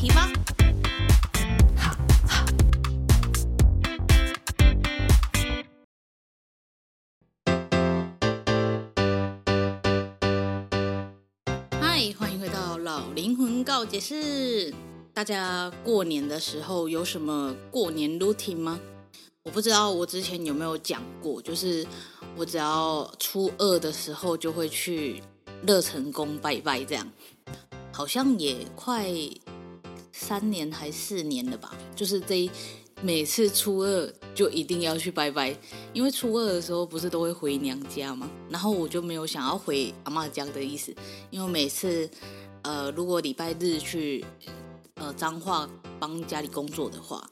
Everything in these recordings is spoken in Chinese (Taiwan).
題吧，好，好。嗨，歡迎回到老靈魂告解室。大家過年的時候有什麼過年 routine 嗎？我不知道我之前有沒有講過，就是我只要初二的時候就會去樂成宮拜拜這樣，好像也快。三年還四年的吧，就是這每次初二就一定要去拜拜，因為初二的時候不是都會回娘家嘛，然後我就沒有想要回阿嬤家的意思，因為每次呃，如果禮拜日去呃彰化幫家裡工作的話，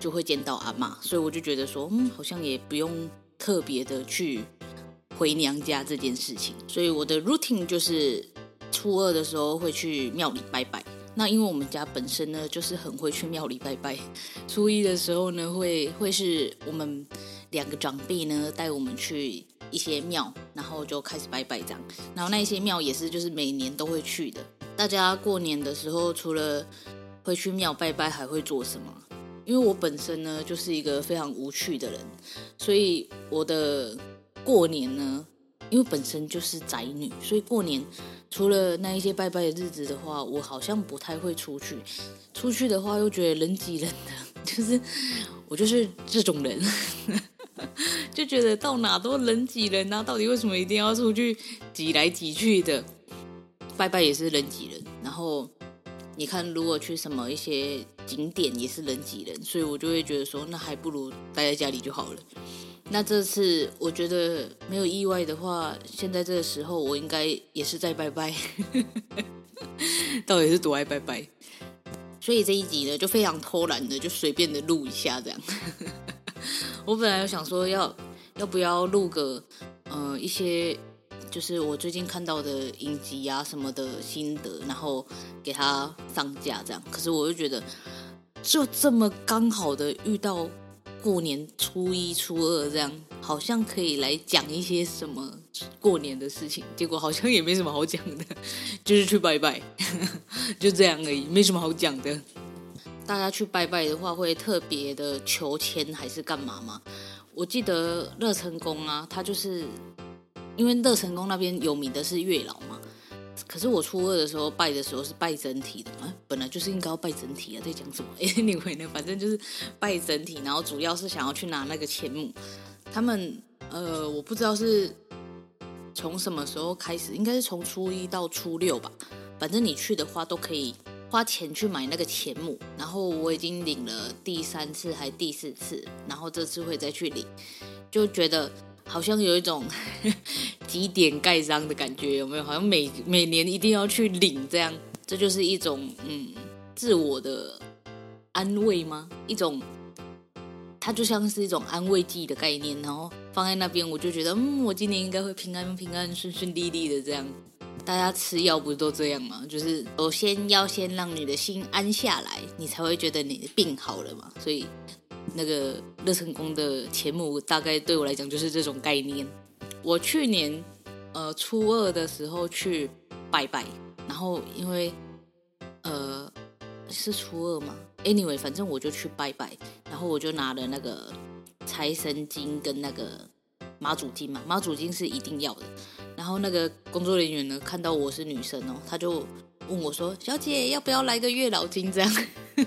就會見到阿嬤，所以我就覺得說嗯好像也不用特別的去回娘家這件事情，所以我的 routine 就是初二的時候會去廟裡拜拜。那因為我們家本身呢，就是很會去廟裡拜拜。初一的時候呢，會會是我們兩個長輩呢帶我們去一些廟，然後就開始拜拜這樣。然後那些廟也是就是每年都會去的。大家過年的時候除了會去廟拜拜，還會做什麼？因為我本身呢就是一個非常無趣的人，所以我的過年呢。因為本身就是宅女，所以過年除了那一些拜拜的日子的話，我好像不太會出去。出去的話又覺得人擠人，的就是我就是這種人， 就覺得到哪都人擠人那、啊、到底為什麼一定要出去擠來擠去的？拜拜也是人擠人，然後你看如果去什麼一些景點也是人擠人，所以我就會覺得說，那還不如待在家裡就好了。那這次我覺得沒有意外的話，現在這個時候我應該也是在拜拜， 到底是多愛拜拜。所以這一集呢，就非常偷懶的，就隨便的錄一下這樣。 我本來想說要要不要錄個，嗯、呃、一些就是我最近看到的影集啊什麼的心得，然後給他上架這樣。可是我就覺得，就這麼剛好的遇到。過年初一、初二這樣，好像可以來講一些什麼過年的事情。結果好像也沒什麼好講的，就是去拜拜，呵呵，就這樣而已，沒什麼好講的。大家去拜拜的話，會特別的求籤還是幹嘛嗎？我記得樂成宮啊，它就是因為樂成宮那邊有名的是月老嘛。可是我初二的時候拜的時候是拜整體的、啊、本來就是應該要拜整體啊，在講什麼？因、欸、為呢，反正就是拜整體，然後主要是想要去拿那個錢母。他們呃，我不知道是從什麼時候開始，應該是從初一到初六吧。反正你去的話都可以花錢去買那個錢母。然後我已經領了第三次還是第四次，然後這次會再去領，就覺得。好像有一種集點蓋章的感覺，有沒有？好像每每年一定要去領這樣，這就是一種嗯自我的安慰嗎？一種它就像是一種安慰劑的概念，然後放在那邊，我就覺得嗯，我今年應該會平安平安順順利利的這樣。大家吃藥不是都這樣嗎？就是首先要先讓你的心安下來，你才會覺得你的病好了嘛。所以。那個樂成宮的錢母大概對我來講就是這種概念。我去年，呃，初二的時候去拜拜，然後因為，呃，是初二嘛，anyway，反正我就去拜拜，然後我就拿了那個財神金跟那個媽祖金嘛，媽祖金是一定要的。然後那個工作人員呢，看到我是女生哦，他就問我說：“小姐，要不要來個月老金？”這樣。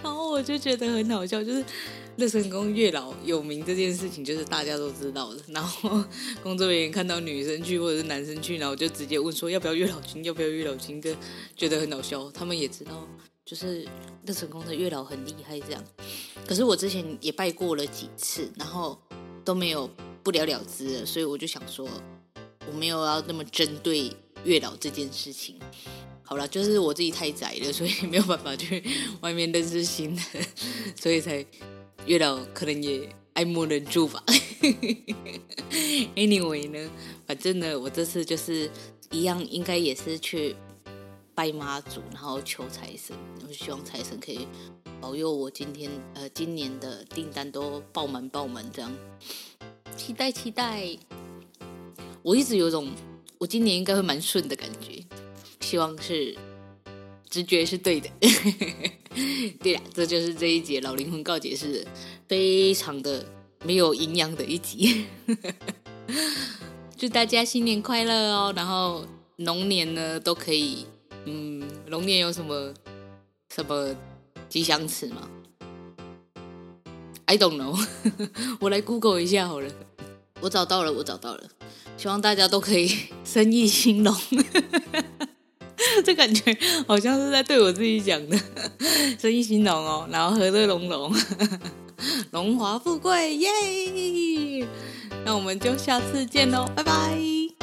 然後我就覺得很好笑，就是樂成宮月老有名這件事情，就是大家都知道的。然後工作人員看到女生去或者是男生去，然後就直接問說要不要月老親，要不要月老親，跟覺得很好笑。他們也知道，就是樂成宮的月老很厲害這樣。可是我之前也拜過了幾次，然後都沒有不了了之了，所以我就想說，我沒有要那麼針對月老這件事情。好了，就是我自己太宅了，所以沒有辦法去外面認識新的，所以才遇到可能也愛莫能助吧。 Anyway 呢，反正呢，我這次就是一樣，應該也是去拜媽祖，然後求財神，我希望財神可以保佑我今天呃今年的訂單都爆滿爆滿這樣，期待期待。我一直有種我今年應該會蠻順的。希望是直覺是對的， 對了，這就是這一節老靈魂告解室，非常的沒有營養的一集。 祝大家新年快樂哦！然後龍年呢，都可以，嗯，龍年有什麼什麼吉祥詞嗎？I don't know。我來 Google 一下好了。我找到了，我找到了。希望大家都可以生意興隆。 這感覺好像是在對我自己講的， 生意興隆哦，然後和樂融融，榮 華富貴耶！Yeah! 那我們就下次見嘍，拜拜。